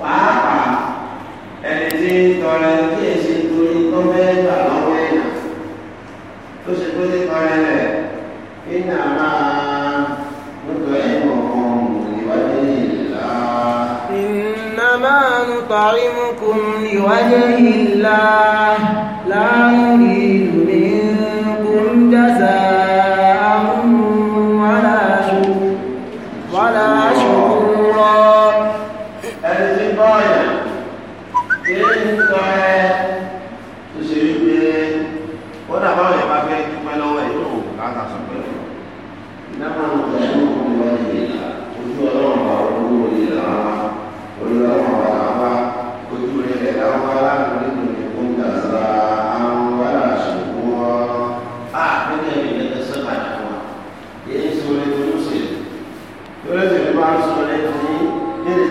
pàápàá ẹni tí ń tọrẹ kí èsì torí tó fẹ́ gbà lọ́wọ́ ẹ̀yà tó ṣe tó ti tọrẹ rẹ̀ kí nàrà lọ́dọ̀ ẹ̀wọ̀n kan ìwádìí ìlà. إنما نطعمكم لوجه الله لا نريد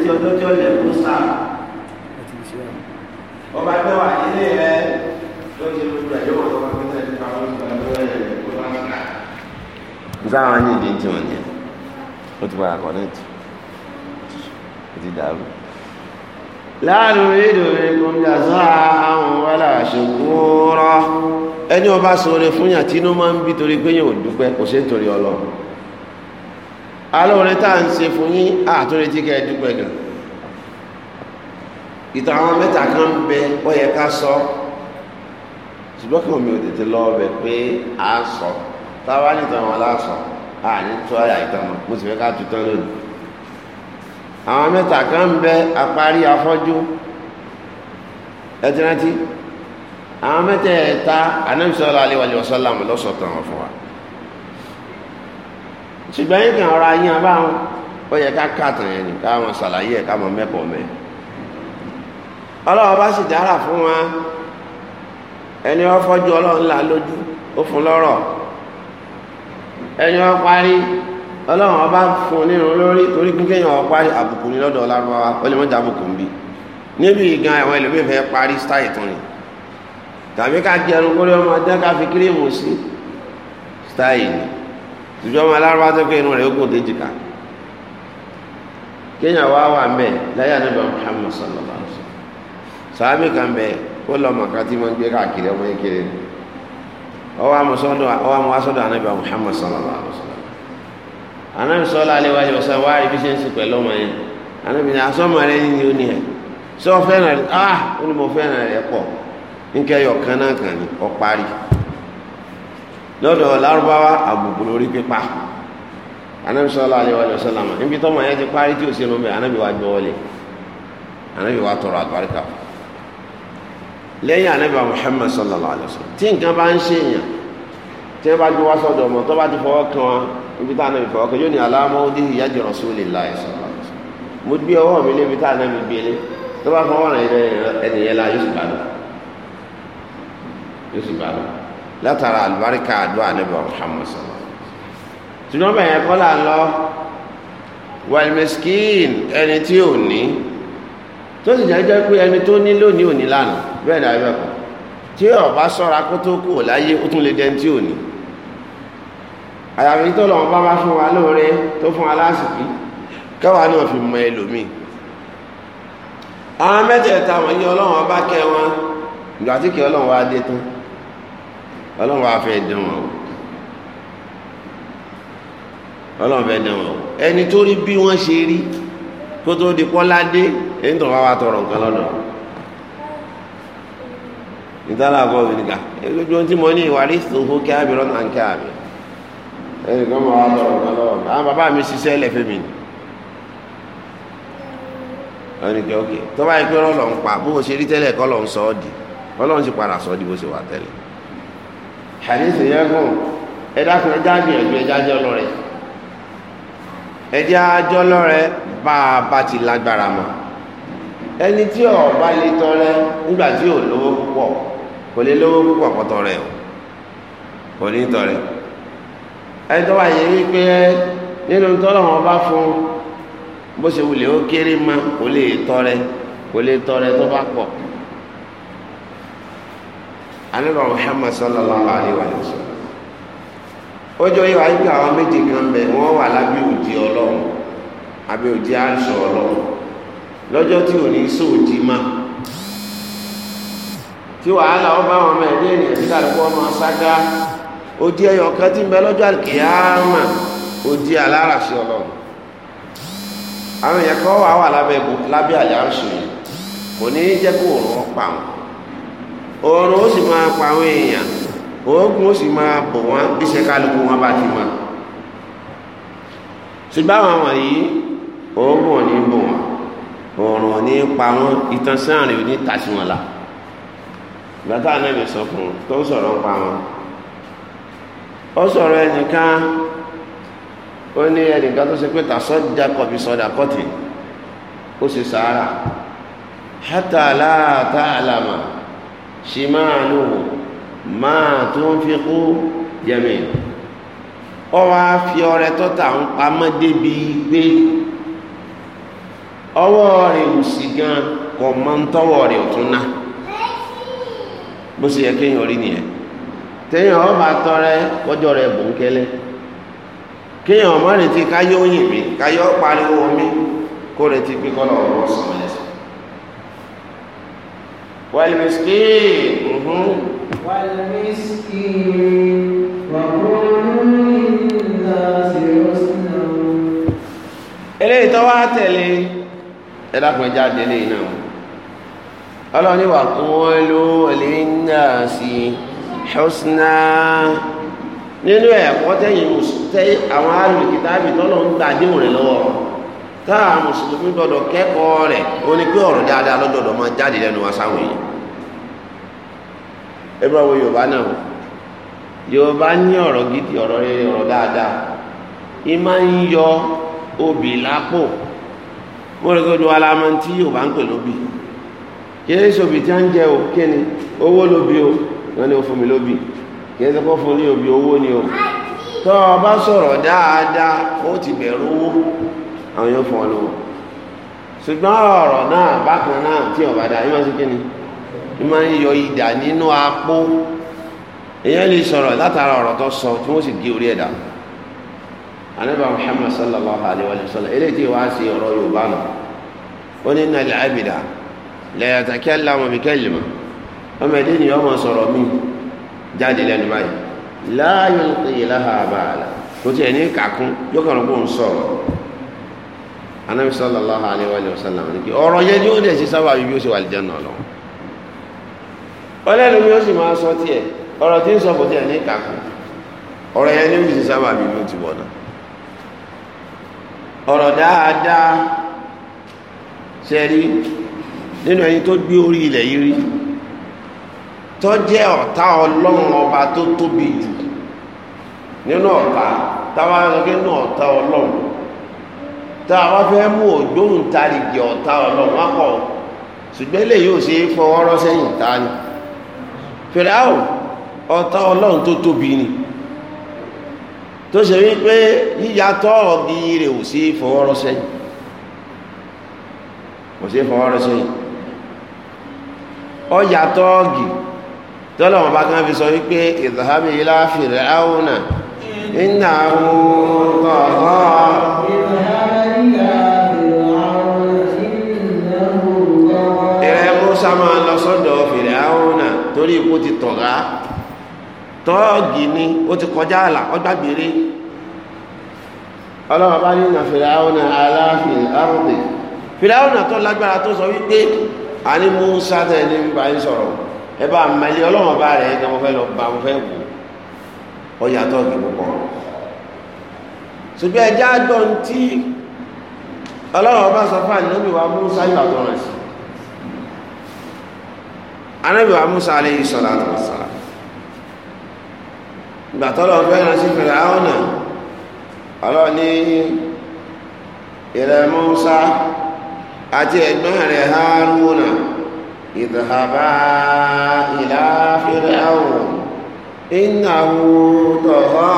retí ọjọ́ tí ó lẹ̀ kó sáà ọba tó wà nílé rẹ tó ti lu rẹ yóò wọ́n fi sẹ́yìn nípa wọn nípa lọ́wọ́ rẹ kó bá ń kà. sáwọn ní ìdí tí wọn yẹ ó ti padà kọ́nẹ́tì ó ti dàrú. láàrin rédíò rẹ kò ń jà sọ àwọn wàhálà ṣùgbọ́n rọ ẹni ọba sọ̀rọ̀ fún yàtí inú máa ń bí torí pé yóò dúpẹ́ kò ṣe ń torí Ọlọ́run alóore tá à ń ṣe fún yín àtúndé tí kẹ́ ẹ dúpẹ́ gan ìtàn àwọn mẹ́ta kan bẹ ó yẹ ká sọ ṣùgbọ́n kí omi ò tètè lọ ọbẹ̀ pé a sọ táwa nìtàn wọn lásọ a ní tó àyà ìtàn wọn mo sì fẹ́ ká tu tán lónìí àwọn mẹ́ta kan bẹ apárí afọ́jú ẹ ti rántí àwọn mẹ́tẹ̀ẹ̀ta anábìsọ́lá aléwàlẹ̀ ọ̀sọ́lá mọ̀ lọ́sọ̀tàn wọn fún wa ṣùgbọ́n yín kan ọ̀rọ̀ ayé abáwọn ó yẹ ká kàtàn yẹn ni káwọn ṣàlàyé ẹ̀ káwọn mẹ́kọ̀ọ́ mẹ́ ọlọ́wọ́ bá sì dára fún wa ẹni wọ́n fọ́jú ọlọ́run là lójú ó fún lọ́rọ̀ ẹni wọ́n parí ọlọ́run ọba fún onírun lórí torí pé kéèyàn wọ́n parí àbùkù ní lọ́dọ̀ ọlárúbáwá ó lè mọ́jà àbùkù ń bí níbi ìgan àwọn ẹlòmíì fẹ́ parí stáì tán ni tàbí ká jẹun kórí ọmọ dán ká fi kírèmù sí stáì ni ìjọba alárùbá tó pé irun rẹ̀ ó gùn kéèyàn wá wà mẹ́ láyé ànábì Muhammad sallallahu alaihi wasallam kan bẹ ó lọ màkà tí wọ́n gbé káàkiri ọmọ ekele ọwọ́ àmọ́ asọ́dọ̀ ànábì Muhammad sallallahu alaihi wasallam wá rí ọmọ sọ ah kan lọ́dọ̀ lárúbáwá àbùkù lórí pípa anabi sọlá alẹ́ wa sọlám níbi tọ́mọ yẹn ti parí tí o sì lómi anabi wa gbọ́ wọlé anabi wa tọrọ àgbáríkà lẹ́yìn anabi wa muhammad sọlá alẹ́ sọlá tí nǹkan bá ń ṣe yàn tí wọ́n bá gbé wá sọ́dọ̀ ọmọ tó bá ti fọwọ́ kan wọn níbi tá anabi fọwọ́ kan yóò ní aláàmọ́ ó dín ìyá jọrọ sóòlì láyé sọlá mo látara àlùbáríkà àdúrà níbà Muhammad sọlá ṣùgbọ́n bẹ̀yẹn kọ́ là ń lọ wàlmẹ́skín ẹni tí ò ní tó sì jẹ́jẹ́ pé ẹni tó ní lónìí ò ní lánàá bẹ́ẹ̀ ni àbẹ̀ kọ́ tí ọba sọ́ra kó tó kù láyé ó tún lè dẹni tí ò ní àyàfi tó lọ́wọ́ bá bá fún wa lóore tó fún wa lásìkí kẹwàá náà fi mọ ẹlòmíì àwọn mẹ́tẹ̀ẹ̀ta wọ̀nyí ọlọ́run ọba kẹ wọn ìgbà tí kí ọlọ́run wá dé tán ọlọ́run wàá fẹ́ dán wọn o ọlọ́run fẹ́ dán wọn o ẹni tó rí bí wọ́n ṣe rí kó tó di kọ́ládé èyí tó wá wá tọrọ nǹkan lọ́dọ̀ nítorí àbọ̀ òfìlìkà ẹgbẹ́jọ́ tí mo ní ìwárí ìṣòro kí ábì rọ́nà ń kí ábì ẹnì kan máa wá tọrọ nǹkan lọ́wọ́ mi àwọn bàbá mi ṣiṣẹ́ ẹlẹ́fẹ́ mi ni ẹnì kan ok tó bá yẹ pé rọ́lọ́ ń pa bó o ṣe rí tẹ́lẹ̀ kọ́ lọ́ ń sọ ọ́ di ọlọ́run sì padà sọ ọ́ di bó ṣe wà tẹ́lẹ̀ hadith yẹn gùn ẹ̀dá kan ẹja gbìyànjú ẹja jẹ́ ọlọ́rẹ̀ ẹja jẹ́ ọlọ́rẹ̀ bá a bá ti lágbára mọ́ ẹni tí ò bá lè tọrẹ nígbà tí ò lówó púpọ̀ kò lè lówó púpọ̀ kó tọrẹ o kò ní tọrẹ ẹni tó wà yẹ wípé nínú tọ́lọ́wọ́n bá fún bó ṣe wulẹ̀ ó kéré mọ́ kò lè tọrẹ kò lè tọrẹ tó bá pọ̀ anábà Muhammad sallallahu alayhi wa sallam ojú ọyọ ayé àwọn méjì kan bẹ wọn wà lábẹ́ òjì Ọlọ́run abẹ́ òjì àṣọ Ọlọ́run lọ́jọ́ tí ò ní sóòjì má tí wàhálà wọn bá wọn mẹ́rin ní ènìyàn tí kálukú ọmọ sáká òjì ẹyọ kan tí ń bẹ lọ́jọ́ àkìyàmà òjì aláràṣẹ Ọlọ́run àwọn èèyàn kan wà wà lábẹ́ àjà àṣọ yìí kò ní jẹ́ kó òun pa wọn oòrùn ó sì máa pa àwọn èèyàn oògùn ó sì máa bò wọ́n bí ṣe kálukú wọn bá ti mọ̀ ṣùgbọ́n àwọn wọ̀nyí oògùn ò ní bò wọ́n ọ̀rọ̀ ní pa wọn ìtànsán rẹ̀ ní tàṣíwọ̀nlá bàtà anábì sọ fún tó sọ̀rọ̀ ń pa wọn ó sọ̀rọ̀ ẹnìkan ó ní ẹnìkan tó ṣe pé tàṣọ́jà kọ̀bí sọ̀dà kọ́tì ó sì sàárà hátà láàtà àlàmà ṣìmáàlú máa tó ń fi kú jẹ̀mí ọ wá fi ọrẹ tọ́ta ń pamọ́ débi pé ọwọ́ rẹ̀ ò sì gan kọ̀ mọ́ ń tọ́wọ́ rẹ̀ ò tún ná bó ṣe yẹ kéèyàn rí nìyẹn téèyàn ọ bá tọrẹ kọjọ rẹ bò ń kẹlẹ kéèyàn ọmọ retí káyọ òyìnbí káyọ pariwo omi kó retí pé kọlọ ọ̀rọ̀ sọmọlẹ. والمسكين والمسكين وقولوا للناس حسنا eléyìí tó wá tẹ̀lé ẹ dákun ẹja délé náà ọlọ́run ní وقولوا للناس حسنا nínú ẹ̀kọ́ tẹ̀yìn àwọn alùpùpù tàbí tọ́lọ́ ń gbàdéhùn rẹ̀ lọ́wọ́ táà mùsùlùmí gbọdọ̀ kẹ́kọ̀ọ́ rẹ̀ o ní pé ọ̀rọ̀ dáadáa lọ́dọọdọ̀ máa jáde lẹ́nu wa sáwọn èèyàn ẹgbẹ́ yorùbá náà yorùbá ní ọ̀rọ̀ gidi ọ̀rọ̀ rere dáadáa ì máa ń yọ obì lápò mo rẹ̀ gbọdọ̀ yorùbá ń pè lóbì owó lóbi o wọn ni mi lóbi ṣe kó fún ní obì o dáadáa àwọn yóò fún ọ lówó ṣùgbọ́n ọ̀rọ̀ náà bákan náà tí ọ̀bá dá yóò máa ṣe kí ni yóò máa ń yọ ìdà nínú apó èèyàn lè sọ̀rọ̀ látara ọ̀rọ̀ tó sọ tí wọ́n sì gé orí ẹ̀dá anábà Muhammad sallallahu alayhi wa sallam eléyìí tí wàá ṣe ọ̀rọ̀ Yorùbá nù ó ní nà lè àbìdá la yatakallamu bi kalima ọmọ ẹ̀dẹ́ ni ọmọ sọ̀rọ̀ mi jáde lẹ́nu báyìí la yulqi laha bala kò tiẹ̀ ní kàkún yóò kàn ń bò ń sọ̀rọ̀ anabi sallallahu alayhi wa sallam ni ọ̀rọ̀ yẹn ni ó dẹ̀ ṣe sábà bíbí ó ṣe wà lè jẹun ọ̀lọ́ ọlẹ́nu mi ó sì máa sọ tiẹ̀ ọ̀rọ̀ tí ń sọ kò tiẹ̀ ní kàkùn ọ̀rọ̀ yẹn ni ó ṣe sábà bíbí ó ti wọ̀ náà dáadáa ṣe rí nínú ẹni tó gbé orí ilẹ̀ yìí rí tó jẹ́ ọ̀tá ọlọ́run ọba tó tóbi jù nínú ọ̀tá táwa sọ pé nínú ọ̀tá ọlọ́run tá a bá fẹ́ mú ògbóhùn tarìgì ọ̀tá ọlọ́run wá pọ̀ ṣùgbọ́n eléyìí ò ṣe é fọwọ́ rọ́ sẹ́yìn ta ni fìràwọ̀ ọ̀tá ọlọ́run tó tóbi ni tó ṣe wípé yíyàtọ̀ ọ̀gì rẹ̀ ò ṣe é fọwọ́ rọ́ sẹ́yìn ò ṣe é fọwọ́ rọ́ sẹ́yìn ọ̀yàtọ̀ ọ̀gì tọ́lọ̀ wọn bá fi sọ wípé ìdàhámi ilá fìràwọ̀ náà ìnáwó ọ̀gọ́ sá máa lọ sọ́dọ̀ fèrè áhùnà torí ipò ti tọ̀gá tọ́ọ̀gì ni ó ti kọjá àlà ọgbàgbére ọlọ́wọ́ bá nínú fèrè áhùnà aláàfin arúgbìn fèrè áhùnà tó lágbára tó sọ wípé àní Mùsá tẹ̀ ní bá ń sọ̀rọ̀ ẹ bá mẹ́lẹ́ ọlọ́wọ́ bá rẹ̀ ẹ̀ka mo fẹ́ lọ bá mo fẹ́ wò ọyà tọ́ọ̀gì púpọ̀ ṣùgbọ́n ẹjẹ́ àjọ ń tí ọlọ́wọ́ bá sọ fún ànínábìwá Mùsá yóò àtọ̀rọ̀ sí anábì wa musa alayhi salatu wa salam ìgbà tọ́lọ̀ fẹ́ rán sí fèrè àwọn náà ọlọ́ ní ìrẹ̀ musa àti ẹ̀gbọ́n rẹ̀ haruna idhaba ila fir'aun innahu tagha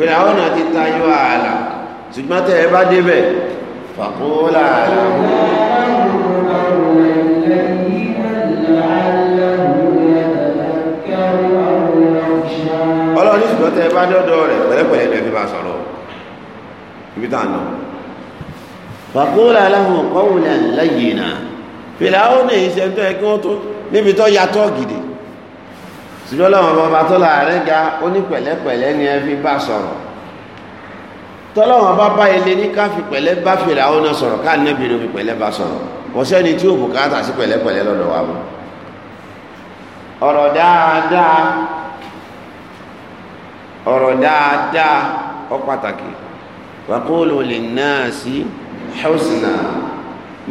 fìràwọn náà ti tayọ ààlà ṣùgbọ́n tẹ́ ẹ bá débẹ̀ fàkóólà ààlà. ọlọ́run ṣùgbọ́n tẹ́ ẹ bá dọ́dọ̀ rẹ̀ pẹ̀lẹ́pẹ̀lẹ́ ẹ̀ fi bá sọ̀rọ̀ ibi tá náà ṣe ṣùgbọ́n lọ́wọ́ bọba tó láàrin ga ó ní pẹ̀lẹ́pẹ̀lẹ́ ni ẹ fi bá sọ̀rọ̀ tọ́lọ́wọ́n bá bá ilé ní ká fi pẹ̀lẹ́ bá fèrè àwọn náà sọ̀rọ̀ ká nẹ́bí ló fi pẹ̀lẹ́ bá sọ̀rọ̀ kò sẹ́ni tí ò bùkátà sí pẹ̀lẹ́pẹ̀lẹ́ lọ́dọ̀ wa mọ́ ọ̀rọ̀ dáadáa ọ̀rọ̀ dáadáa ó pàtàkì wàkóòlò lè náà sí hẹ́ọ̀sìnà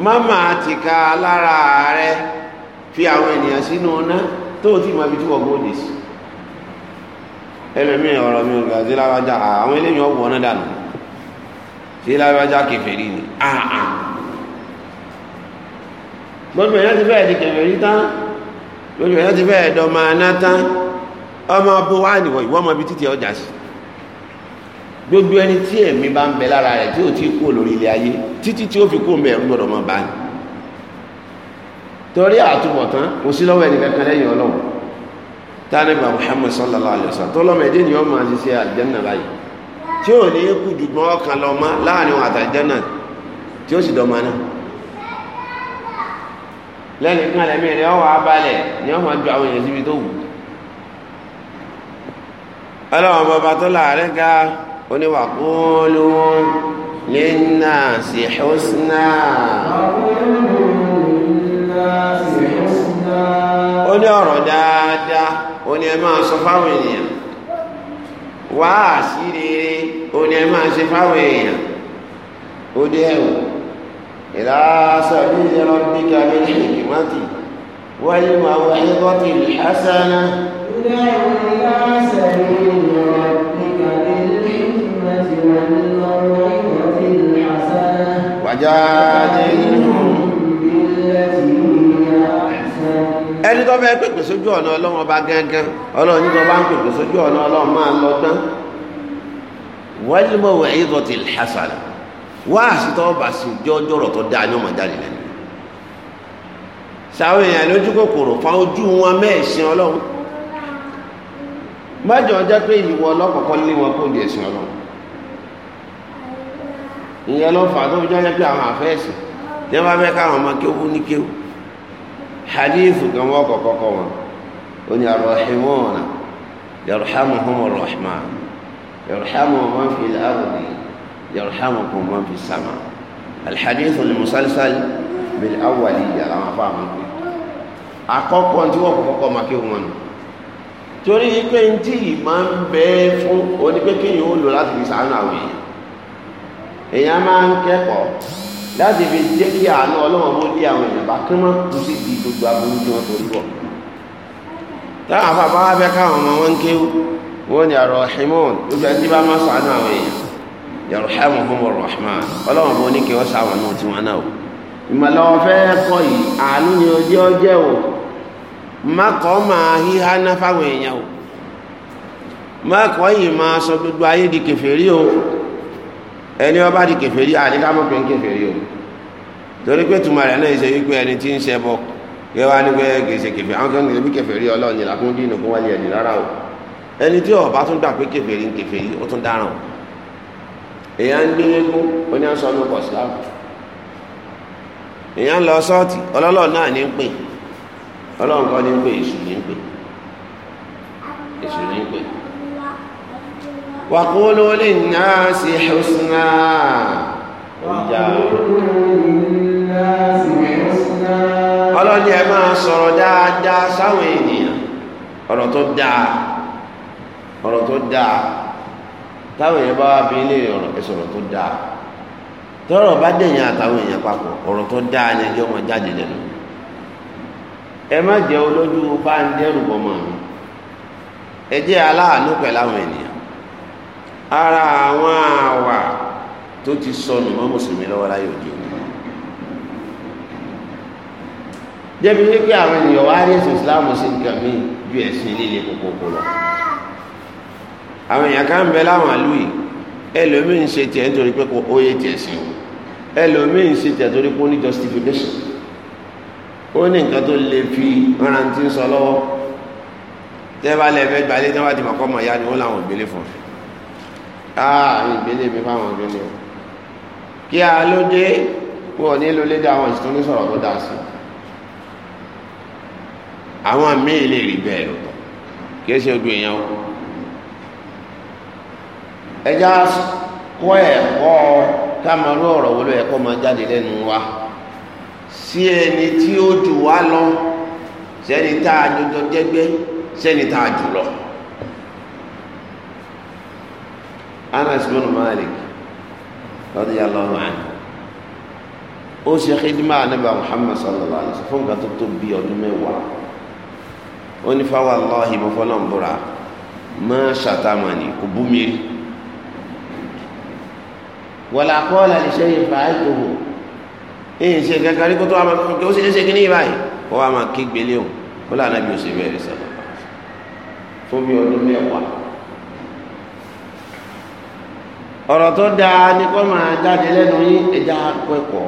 má máa ti ka lára rẹ fi àwọn ènìyàn sínú náà tó tí ma fi tí wọ́n gbóòdì sí ẹlòmí ọ̀rọ̀ mi ọ̀gá sí lábájá àwọn eléyìí ọ̀wọ́ náà dànù sí lábájá kèfèrí ni àà gbogbo ẹ̀yán ti bẹ́ẹ̀ di kèfèrí tán gbogbo ẹ̀yán ti bẹ́ẹ̀ dọ̀ máa ná tán ọmọ bó wá nìwọ̀ ìwọ́n ọmọ ibi títí ọjà sí gbogbo ẹni tí ẹ̀mí bá ń bẹ lára rẹ̀ tí ò tí kú lórí ilé ayé títí tí ó fi kú ń gbọ́dọ̀ mọ́ báyìí torí àtúbọ̀tán kò sí lọ́wọ́ ẹnìkankan lẹ́yìn ọlọ́run tánàbà Muhammad sallallahu alayhi wa sallam tó lọ́mọ ẹ̀dẹ́ ni ó máa ṣiṣẹ́ àlìjẹ́nà báyìí tí ò ní kú dùgbọ́n ọkàn lọ mọ́ láàrin wọn àtàlìjẹ́nà tí ó sì dọ̀mọ́ náà lẹ́nu kan lẹ́mí rẹ̀ ọwọ́ abalẹ̀ ni ó máa ju àwọn èèyàn síbi tó wù ọlọ́run bọba tó láàárẹ̀ ga oníwà kúlù lin nasi husna ó ní ọ̀rọ̀ dáadáa ó ní ẹ máa sọ fáwọn ènìyàn wáàsí rere ó ní ẹ máa ṣe fáwọn èèyàn ó dé ẹ̀wọ̀ ìlàásọ̀ bí ìjọba bí kàmí ní ìgbìmọ̀tì wáyé máa wọ ẹgbọ́n ti lè hásánà. وجادل tó fẹ́ pèpè sójú ọ̀nà ọlọ́run ọba gángan ọlọ́run ní tó bá ń pèpè sójú ọ̀nà ọlọ́run máa lọ tán wọ́límọ̀ wẹ̀ ẹ̀yẹ́dọ̀ ti hasana wá àṣìtọ́ ọba sí jọ́jọ́rọ̀ tó dáa ní ọmọ jáde lẹ́nu sàwọn èèyàn lójú kòkòrò fa ojú wọn mẹ́ẹ̀sìn ọlọ́run mọ́jọ jẹ́ pé ìwọ ọlọ́kọ̀ọ́kọ́ lé wọn kó di ẹ̀sìn ọlọ́run ìyẹn ló fà tó fi jẹ́ pé àwọn àfẹ́ ẹ̀sìn hadithu kan wọ́n kọ̀kọ́ kọ́ wọn ó ní arahimuna yarhamuhum arahman yarhamuhum man fi al-ardi yarhamukum man fi sama alhadithu al-musalsal bil awwali yàrá wọn fún àwọn pé àkọ́kọ́ tí wọ́n kọ́kọ́ máa kí wọn nù torí pé ń tí ì máa ń bẹ fún onípékèyàn ó lò láti fi sàánú àwọn èèyàn máa ń kẹ́kọ̀ọ́ láti fi jẹ́ kí àánú ọlọ́run mú lé àwọn èèyàn bá kí wọ́n kú sí di gbogbo aburú tí wọ́n torí bọ̀ táwọn afáfá wá fẹ́ káwọn ọmọ wọn kéwú wọ́n ní àrọ̀ ṣimon lójú ẹtí bá má sànú àwọn èèyàn yàrá ṣàmù fún ọrọ̀ ṣàmán ọlọ́run bó ní kí wọ́n sáwọn náà tí wọ́n náà ìmọ̀lẹ́ wọn fẹ́ kọ́ yìí àánú ni ọjọ́ jẹ́ o má máa híhá ná fáwọn èèyàn o má yìí máa sọ gbogbo ayé di kèfèrí o ẹni ọba di kèfèrí àdíkámọ́ pé ń o torí pé tùmọ̀ náà ṣe wípé ẹni tí ń ṣe bọ kí wá ní pé kèsè kèfèrí àwọn kan kèsè bí kèfèrí ni làkún o ẹni tí ọba tún gbà pé ń o ń gbé à ń sọ ń lọ náà ní pè ní pè وقولوا للناس حسنا ọlọ́ni ẹ máa sọ̀rọ̀ dáadáa sáwọn ènìyàn ọ̀rọ̀ tó dáa ọ̀rọ̀ tó dáa táwọn èèyàn bá wá bí ilé ọ̀rọ̀ ẹ sọ̀rọ̀ tó dáa tọ́rọ̀ bá dẹ̀yìn àtàwọn èèyàn papọ̀ ọ̀rọ̀ tó dáa ni ẹjọ́ wọn jáde lẹ́nu ẹ má jẹ́ olójú bá ń dẹ́rù bọ́mọ mi ẹ jẹ́ aláàánú pẹ̀láwọn ènìyàn ara àwọn àwà tó ti sọnù mọ́ mùsùlùmí lọ́wọ́ láyé òde òní débi wípé àwọn ènìyàn wá rí ẹ̀sìn islam sí nǹkan mi ju ẹ̀sìn líle kòkòkò lọ àwọn èèyàn kan bẹ láwọn àlú yìí ẹlòmíín ṣe tiẹ̀ nítorí pé ó yé tiẹ̀ sí o ẹlòmíín ṣe tiẹ̀ torí pé ó ní justification ó ní nǹkan tó lè fi rántí sọ lọ́wọ́ tẹ́ bá lẹ fẹ́ gbalé tẹ́ bá ti mọ̀ mọ̀ ya ni ó láwọn òbílẹ̀ fún un ààrin ah, ìgbélé mi fáwọn ọdún ni kí a ló dé wọn nílò lédè àwọn ìsìtún ní sọ̀rọ̀ tó dá sí àwọn míì lè rí bẹ́ẹ̀ lọ́tọ̀ kí ṣe ojú èèyàn kú ẹja kọ́ ẹ̀kọ́ kámarú ọ̀rọ̀ wọlé ẹ̀kọ́ máa jáde lẹ́nu wa sí ẹni tí ó jù wá lọ sẹ́ni tá a jọjọ jẹ́gbẹ́ sẹ́ni tá a jù lọ. Anas bin Malik radiyallahu anhu ó ṣe xidima anabi Muhammad sallallahu alayhi wa sallam fún ka tó tó bí ọdún mẹ́wàá ó ní fáwọn aláhi mọ́fọ́lọ́mbùrà má ṣàtàmánì kò bú mi rí wàlá kọ́ọ̀lá lè ṣe yìí fàá tó hù ẹ̀yìn ṣe kankan rí kó tó àmà kí ó ṣe ṣe kí ní ìbáyìí kó àmà kí gbélé o kó lànà bí ó ṣe bẹ̀rẹ̀ sọ̀rọ̀ fún bí ọdún mẹ́wàá. ọ̀rọ̀ tó dáa ní kó máa jáde lẹ́nu yín ẹja pẹ́pọ̀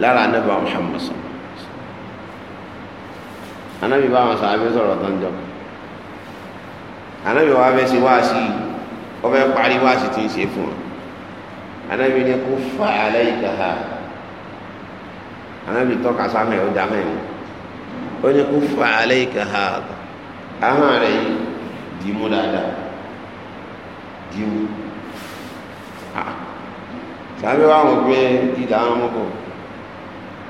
lára anábà Muhammad sọ anábì bá wọn sàábẹ́ sọ̀rọ̀ tó ń jọ anábì wa fẹ́ sí wáàsí ó fẹ́ parí wáàsí tí ń ṣe fún ọ anábì ní kó fà á lẹ́yìn kàá anábì tọ́ka sáfẹ́ ọjà mẹ́rin ó ní kó fà á lẹ́yìn kàá ahọ́n rẹ̀ yìí dìímú dáadáa dìímú sàbí wà wọn pé dídá àwọn ọmọkọ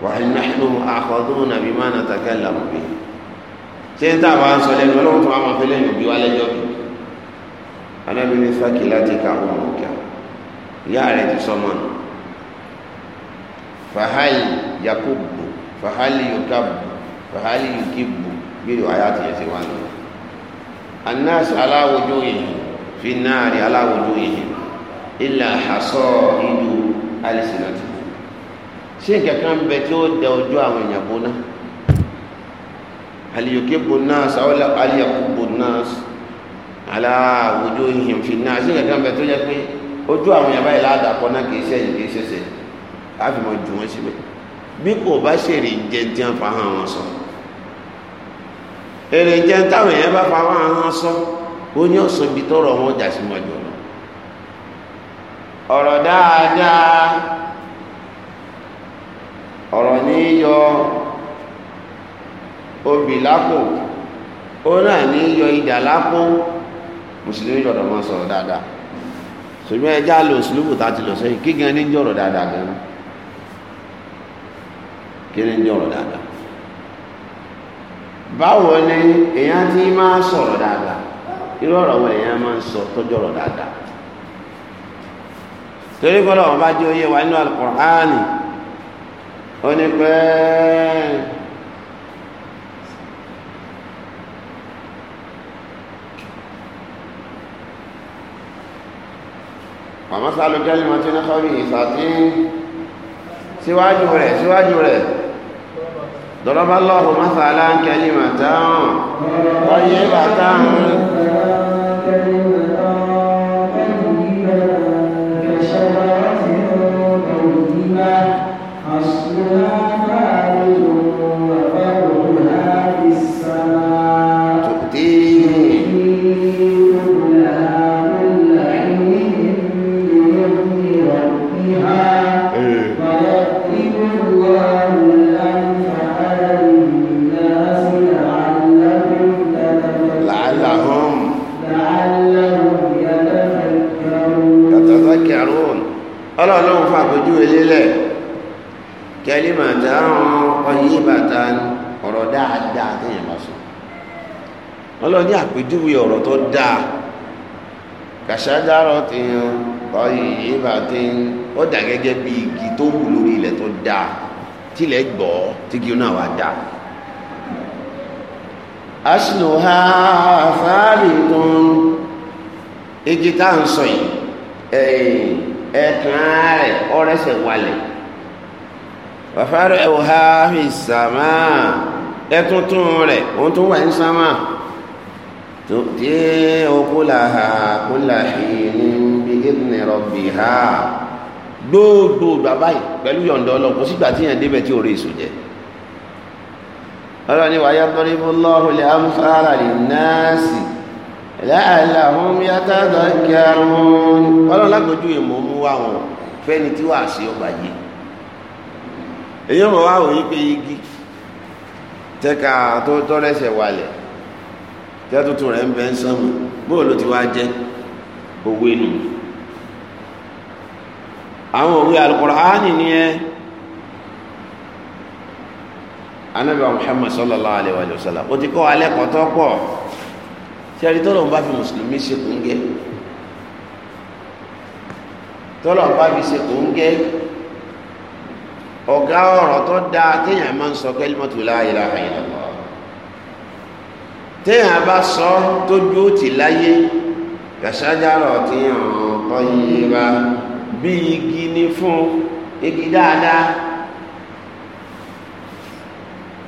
wà nínú àkọọdún nàbí má nà tàkà làwọn pé ṣé tá a bá ń sọ lẹ́nu ọlọ́run tó wà máa fi lẹ́nu bí wà lẹ́jọ́ bí anábìrin sákì láti ka ọmọ òkè ìyá rẹ ti sọmọ nù fahali yakubu fahali yukabu fahali yukibu gbèrò àyàtì ẹsẹ wà nù anas aláwòjú yìí fi náà rí aláwòjú yìí ilà àṣọ ìlú alìsìnà ti ṣé nǹkankan ń bẹ tí ó dẹ ojú àwọn èèyàn bóná àlìyòkè bóná sáwọlá àlìyàkú bóná aláwùjọ ìhìn fìnnà ṣé nǹkankan ń bẹ tó yẹ pé ojú àwọn èèyàn báyìí ládàkọ náà kì í ṣẹyìn kì í ṣẹṣẹ láti mọ ju wọn síbẹ̀ bí kò bá ṣèrè jẹ tí wọn sọ èrè jẹ táwọn èèyàn bá fa hàn sọ ó ní ọsàn ibi tọrọ wọn jà sí mọjọ náà ọ̀rọ̀ dáadáa ọ̀rọ̀ ní yọ obì lápò ó náà ní yọ idà lápò mùsùlùmí gbọ́dọ̀ máa sọ̀rọ̀ dáadáa ṣùgbọ́n ẹjá lò sílùkù tá a ti lọ sẹ́yìn kí gan ní jọ̀rọ̀ dáadáa gan kí ní jọ̀rọ̀ dáadáa báwo ni èèyàn ti máa sọ̀rọ̀ dáadáa irú ọ̀rọ̀ wo èèyàn máa ń sọ tọ́jọ́rọ̀ dáadáa torí kọ́ lọ́wọ́ bá jẹ́ oyé wa nínú alukur'ani ó ní pé màmá sálù jẹ́ lima tí nìkan rí ìsàtí síwájú rẹ̀ síwájú rẹ̀ dọ̀rọ̀bá lọ́hùn mọ́sàlá ń kẹ́lí wáyé bàtá hàn. ọlọ́run ní àpèjúwe ọ̀rọ̀ tó dáa kàṣájárọ̀ ti ń kọ́ yìí bá ti ń ó dà gẹ́gẹ́ bí igi tó wù lórí ilẹ̀ tó dáa tilẹ̀ gbọ́ tígi náà wá dáa. aṣìlòhà fáàlì kan igi tá à ń sọ yìí ẹ̀ẹ̀kan rẹ̀ ọ̀rẹ́sẹ̀ wálẹ̀ wàfáàrẹ̀ ẹ̀wọ̀ fi sàmà ẹ̀tuntun rẹ̀ òun tó wà ní sàmà. تؤتي أكلها كل حين بإذن ربها pẹ̀lú sígbà tí yẹn débẹ̀ tí ò rí èso jẹ ọlọ́run ni wàyà tọ́lé fọlọ́run lè amúfàárà lè náàsì láàlà àwọn yàtá ọlọ́run lágbójú ìmọ̀ mú fẹ́ni tí wàá sí ọgbà yìí èyí mọ̀ wá òye igi tẹ́ka tó tọ́lẹ́sẹ̀ jẹ́ tuntun rẹ̀ ń bẹ́ ń sánmù bóò ló ti wá jẹ́ òwe nù àwọn òwe Al-Qur'ani nìyẹn anabi Muhammad sallallahu alayhi wa sallam o ti kọ́ alẹ́ kọ́tọ́ pọ̀ sẹ́ni tó lọ́n bá fi mùsùlùmí ṣe kóńgẹ́ tó lọ́n bá fi ṣe kóńgẹ́ ọ̀gá ọ̀rọ̀ tó dáa téèyàn máa ń sọ kalimatu la ilaha illallah téèyàn bá sọ tó dúró tì láyé kàṣájárọ̀ tí hàn kọ́ yé wa bí igi ni fún igi dáadáa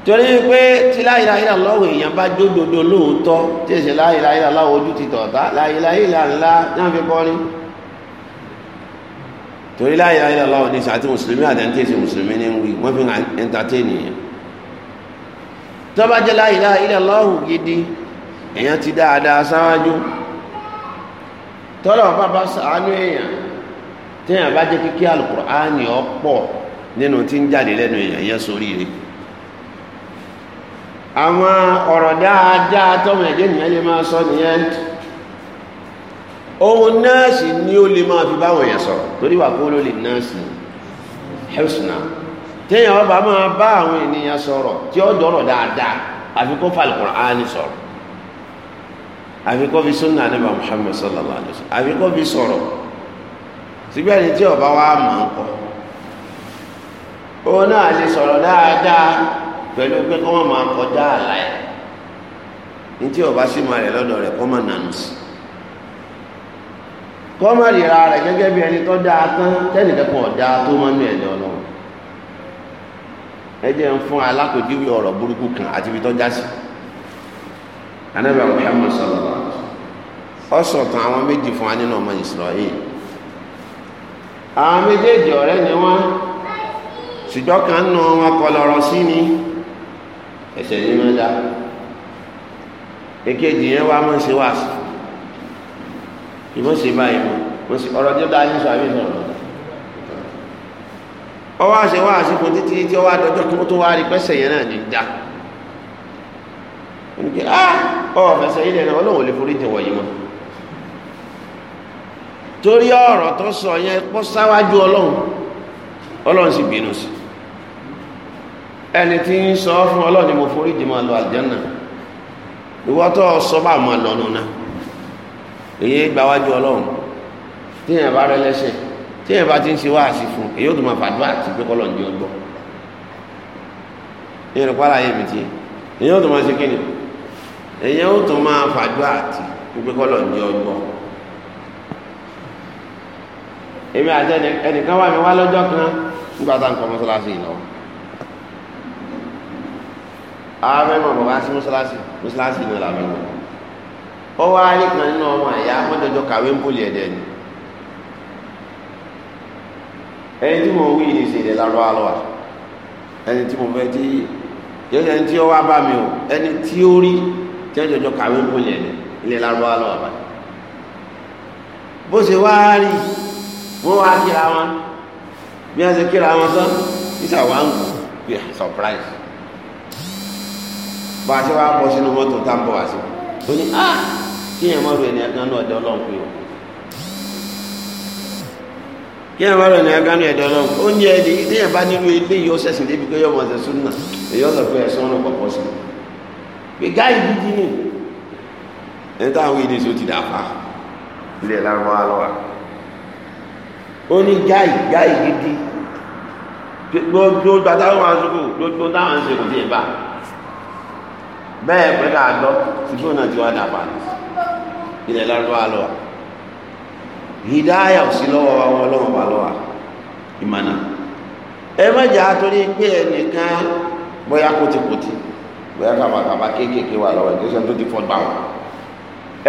torí pé tí la ilaha illallah èèyàn bá jódodo lóòótọ́ tí èsì la ilaha illallah ojú ti tọ̀ọ̀tá la ilaha illallah náà fi kọrin torí la ilaha illallah ní sàtí mùsùlùmí àtẹ̀ntẹ̀sì mùsùlùmí ní wí wọ́n fi hàn ẹ́ńtátẹ́nì yẹn tó bá jẹ́ la ilaha illallah gidi ti dáadáa sáwájú tọ́lọ̀ bàbá sàánú èèyàn èyàn bá jẹ́ kíkí ní ọpọ̀ nínú tí ń jáde lẹ́nu èèyàn yẹn sórí rẹ̀ àwọn ọ̀rọ̀ dáadáa nìyẹn lè máa sọ nìyẹn ohun fi báwọn sọ̀rọ̀ torí wà kó ló lè téèyàn ọba máa bá àwọn ènìyàn sọ̀rọ̀ tí ó dọ̀rọ̀ dáadáa àfi kó fa Al-Qur'ani sọ̀rọ̀ àfi kó fi sunna Ànábì Muhammad sallallahu alayhi wa sallam àfi kó fi sọ̀rọ̀ síbẹ̀ ni tí ọba wa mọ̀ ń kọ́ òun náà lè sọ̀rọ̀ dáadáa pẹ̀lú pé kọ́ mọ̀ máa kọjá àlá ẹ̀ ní tí ọba sì máa rẹ̀ lọ́dọ̀ rẹ̀ kọ́ mọ̀ nànú sí kọ́ mọ̀ rírà rẹ̀ gẹ́gẹ́ bí ẹni tó dáa tán tẹ́nìkẹ́kọ̀ọ́ dáa tó mọ́ nú ẹ̀dẹ̀ ọlọ́run ẹ jẹ́ ń fún alákòjúwe ọ̀rọ̀ burúkú kan àti ibi tó já sí anábẹ́ Muhammad sọlọ́wọ́ ọ sọ̀tàn àwọn méjì fún wa nínú ọmọ Ísírẹ́lì àwọn méjèèjì ọ̀rẹ́ ni wọ́n ṣùgbọ́n kan nù wọn kọlọ̀rọ̀ sí ni ẹ̀sẹ̀ yìí máa dá èkejì yẹn wá máa ń ṣe wáàsì ìmọ̀ ṣe báyìí mọ̀ ọ̀rọ̀ tí ó dá yín sọ àbí sọ̀rọ̀ ọwọ́ àṣẹ wá àṣìkò títí tí ọwọ́ àdọ́jọ́ kí wọ́n tó wá rí pẹ́sẹ̀ yẹn náà ní dá nígbà ah ọ̀rọ̀ fẹsẹ̀ yìí lẹ́nu ọlọ́run lè forí jẹ̀wọ̀ yìí mọ́ torí ọ̀rọ̀ tó sọ yẹn pọ́ sáwájú ọlọ́run ọlọ́run sì bínú sí ẹni tí ń sọ fún ọlọ́run ni mo forí jì lọ àlùjánnà ìwọ́ tó sọ bá máa lọ́nu náà èyí gbáwájú ọlọ́run tíyẹn bá rẹ lẹ́sẹ̀ tí èèyàn bá ti ń ṣe wá àṣìfò èyí ó tún máa fàdúrà àti pé kọ́lọ̀ ń di ọgbọ́n ìrìn pàrọ̀ ayé mi tiẹ̀ èyí ó tún máa ṣe kí ni èyí ó tún máa fàdúrà àti pé kọ́lọ̀ ń di ọgbọ́n èmi àti ẹnìkan wà mí wá lọ́jọ́ kan nígbà tá à ń kọ́ mọ́ṣáláṣí lọ àwọn mẹ́mọ̀ bàbá sí mọ́ṣáláṣí mọ́ṣáláṣí ni làwọn mẹ́mọ̀ ọ wá rí kan nínú ọmọ àyà mọ́jọ́jọ́ kàwé ń bòlì ẹ̀dẹ̀ ni ẹni tí mo wí ní ìṣèlè lárúbá lọ́wọ́ ẹni tí mo fẹ́ tí yọjọ ẹni tí ó wá bá mi o ẹni tí ó rí tí ó jọjọ kàwé ń bọlẹ̀ ní ilé lárúbá lọ́wọ́ báyìí bó ṣe wá rí wọ́n wá kíra wọn bí wọ́n ṣe kíra wọn tán ìṣàwọ̀ à ń kú bí surprise bá a ṣe wá bọ́ sínú mọ́tò tá ń bọ̀ wá sí i ó ní ah kí èèyàn mọ́ ru ẹni ẹ̀kan náà ọ̀dọ́ ọlọ́run pé o yẹn bá rẹ̀ ní agánú ẹ̀dọ́ náà oúnjẹ ẹni téèyàn bá nínú ilé yìí ó sẹ̀sìn débi pé yọmọ ọ̀sẹ̀ súnà èyí ọ̀sẹ̀ pé ẹ̀sán ọ̀nà pọ̀pọ̀ sí i pé gáì dídí nì ẹni táwọn ìdí tó ti dàpá ilé lárúbá lọ́wọ́ ó ní gáì gáì dídí gbogbo gbàtàwọn àṣùkù gbogbo táwọn ń ṣe kò tiẹ̀ bá bẹ́ẹ̀ pẹ́ ká lọ ìgbóná ti wá dàpá ilé lárúbá lọ́wọ́ hidaya ò sí lọ́wọ́ wa wọn lọ́wọ́ wa lọ́wọ́ ìmọ̀nà ẹ mọ̀jà torí pé ẹnìkan bóyá kòtìkòtì bóyá kàbàkàbà kéékèèké wà lọ́wọ́ ìgbésẹ̀ tó ti fọ́ gbà wọn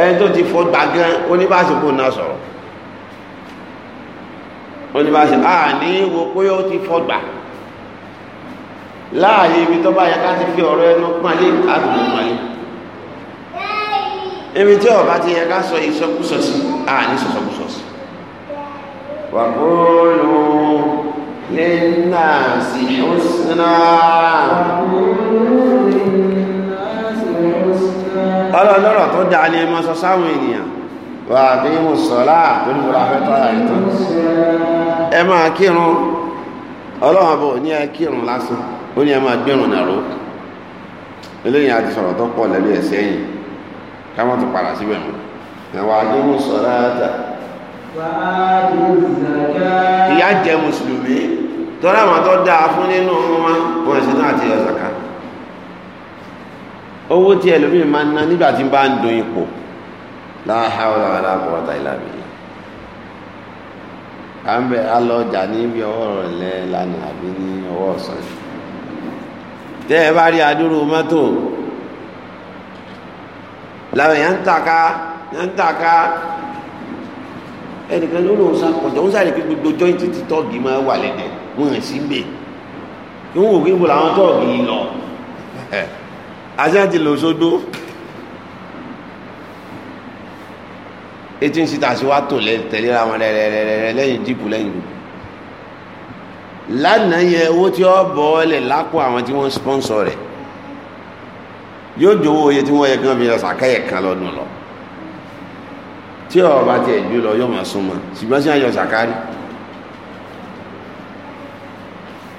ẹni tó ti fọ́ gbà gan oníbàṣepọ̀ náà sọ̀rọ̀ oníbàṣepọ̀ à ní wo pé ó ti fọ́ gbà láàyè ibi tó bá yẹ ká ti fi ọ̀rọ̀ ẹnu pọ́nlé àdùnnú pọ́nlé ibi tí ọba ti yẹ ká sọ ìsọkúsọ sí a ní sọsọkúsọ sí. wàkúrò lẹ́nà sí ọ̀sánà. ọlọ́lọ́rọ̀ tó dáa lè mọ sọ sáwọn ènìyàn wà bí mo sọ̀lá tó ní múra fẹ́tọ́ àìtàn. ẹ máa kírun ọlọ́run bò ní ẹ kírun lásán ó ní ẹ máa gbẹ̀rùn nàró eléyìí àti sọ̀rọ̀ tó pọ̀ lẹ́nu ẹ̀ sẹ́yìn káwọn tó padà síbẹ̀ mọ́ ẹ̀wọ̀n àdéhùn sọ̀rọ̀ àtà ìyá jẹ́ mùsùlùmí tọ́lá àwọn tó dáa fún nínú wọn wọn ẹ̀sìn náà àti ọ̀sàkà owó tí ẹlòmíì máa ń ná nígbà tí bá ń dun ipò la hawla wala quwwata illa billah ń bẹ alọ níbi ọwọ́ rẹ̀ lánàá àbí ní ọwọ́ ọ̀sán tẹ́ bá rí adúrú mọ́tò làwọn èèyàn ń tàka èèyàn ń tàka ẹnìkan ló lóun sàn kọjọ ń sáré pé gbogbo jọ́ìntì ti tọ́ọ̀gì máa wà lẹ́dẹ̀ wọn ò sí mbè kí wọn ò kí wọn làwọn tọ́ọ̀gì yìí lọ aṣáájú lò sódó eighteen seaters wa tò tẹ̀léra wọn rẹ̀rẹ̀rẹ̀rẹ̀ lẹ́yìn jíìpù lẹ́yìn lò lánàá yẹ owó tí ó bọ̀ ọ́ lẹ̀ lápò àwọn tí wọ́n sponsor rẹ̀ yóò jówó oye tí wọ́n yẹ kán fi ẹsà kẹ́yẹ̀ kan lọ́dún lọ tí ọba tiẹ̀ jù lọ yóò máa súnmọ́ ṣùgbọ́n sí àyọ sàkárì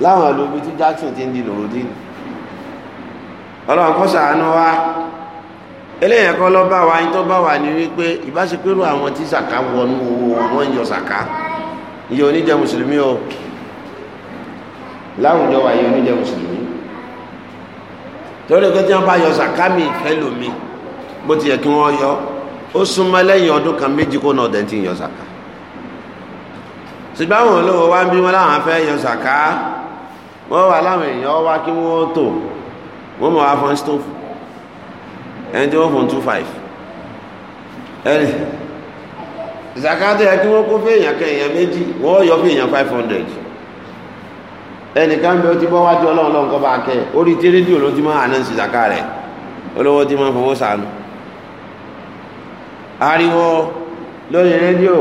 láwọn olóbi tí Jackson ti ń di lòrò dín ọlọ́run kọ́ sàánú wa eléyàn kọ́ lọ́ bá wa yín tó bá wà ní wípé ìbáṣepẹ̀rù àwọn tí sàká wọnú owó wọn wọ́n ń yọ sàká ìyẹn oníjẹ mùsùlùmí o láwùjọ wà yìí oníjẹ mùsùlùmí torí pé tí wọ́n bá yọ sàkámì ìfẹ́ lómi bó ti yẹ kí wọ́n yọ ó súnmọ́ lẹ́yìn ọdún kan méjì kó náà dẹ̀ntì yọ sàká ṣùgbọ́n àwọn olówó wá ń bí wọ́n láwọn fẹ́ yọ sàká wọ́n wà láwọn èèyàn wá kí wọ́n tò wọ́n mọ̀ wá fún stove ẹni tí wọ́n fún two five ẹni Zaka tó yẹ kí wọ́n kó fún èèyàn kan èèyàn méjì wọ́n yọ fún èèyàn five hundred ẹnìkan bẹ ó ti bọ́ wájú ọlọ́run lọ́nkọ́ bá kẹ́ orí tí rédíò ló ti máa ànáǹsì zaka rẹ̀ olówó ti máa fowó sànù ariwo lórí rédíò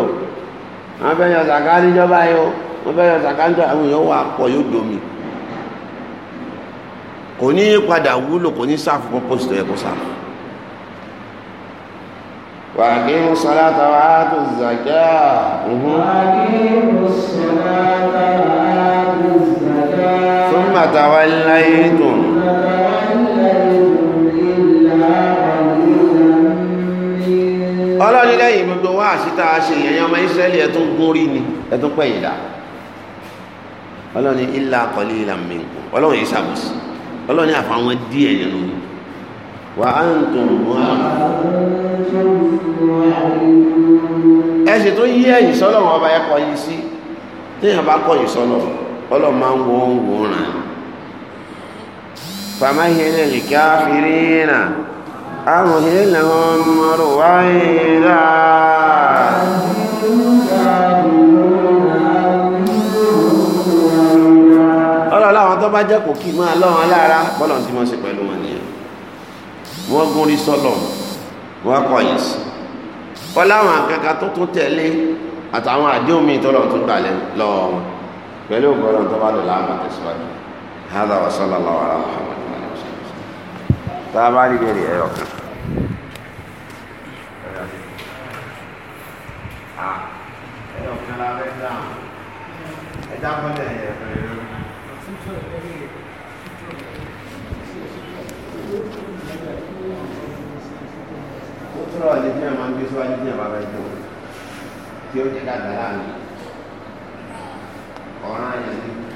wọn fẹ́ yọ zaka níjọba yìí o wọn fẹ́ yọ zaka níjọba àwọn èèyàn wà pọ̀ yóò domi kò ní padà wúlò kò ní sáfù kó pósìtò yẹ sáfù wàkímù sọ́látà wà á tó zàkíà wàkímù sọ́látà wà á tó ثم توليتم ọlọ́ni lẹ́yìn gbogbo wá àṣítà ṣe ìyẹn ọmọ Ísírẹ́lì ẹ̀tún gúnrí ni ẹ̀tún pẹ̀yìndà ọlọ́ni ilá kọlí ilá mẹ́kù ọlọ́run yìí sàbòsí ọlọ́ni àfàwọn díẹ̀ nínú ni wà á ń tó wà tó yí ẹ̀yìn sọ́lọ́run ọba ẹ̀kọ́ yìí sí téèyàn bá kọ́ yìí sọ́lọ́run ọlọ́run máa ń wo òun wò ràn fàmáhìnlẹ̀ lìkà fìrìnà àmùhìnlẹ̀ ọmọrùn wáyìnlá ọlọ́run láwọn tó bá jẹ́ kò kí máa lọ́wọ́n lára bọ́lọ̀ tí wọ́n ṣe pẹ̀lú wọn nìyẹn wọ́n gún rí sọ́lọ̀ wọ́n kọ̀yìn sí ọláwọn akẹ́kọ̀ọ́ tó tún tẹ̀lé àtàwọn àdéhùn mi tọ́lọ̀ tó gbà lọ́wọ́ wọn قالوا قولهم طبعا للعامة تسمع هذا وصلى الله على محمد وعلى اله وسلم طبعا لي ايوه Otro año tiene más que su año tiene más que tú. Quiero Olha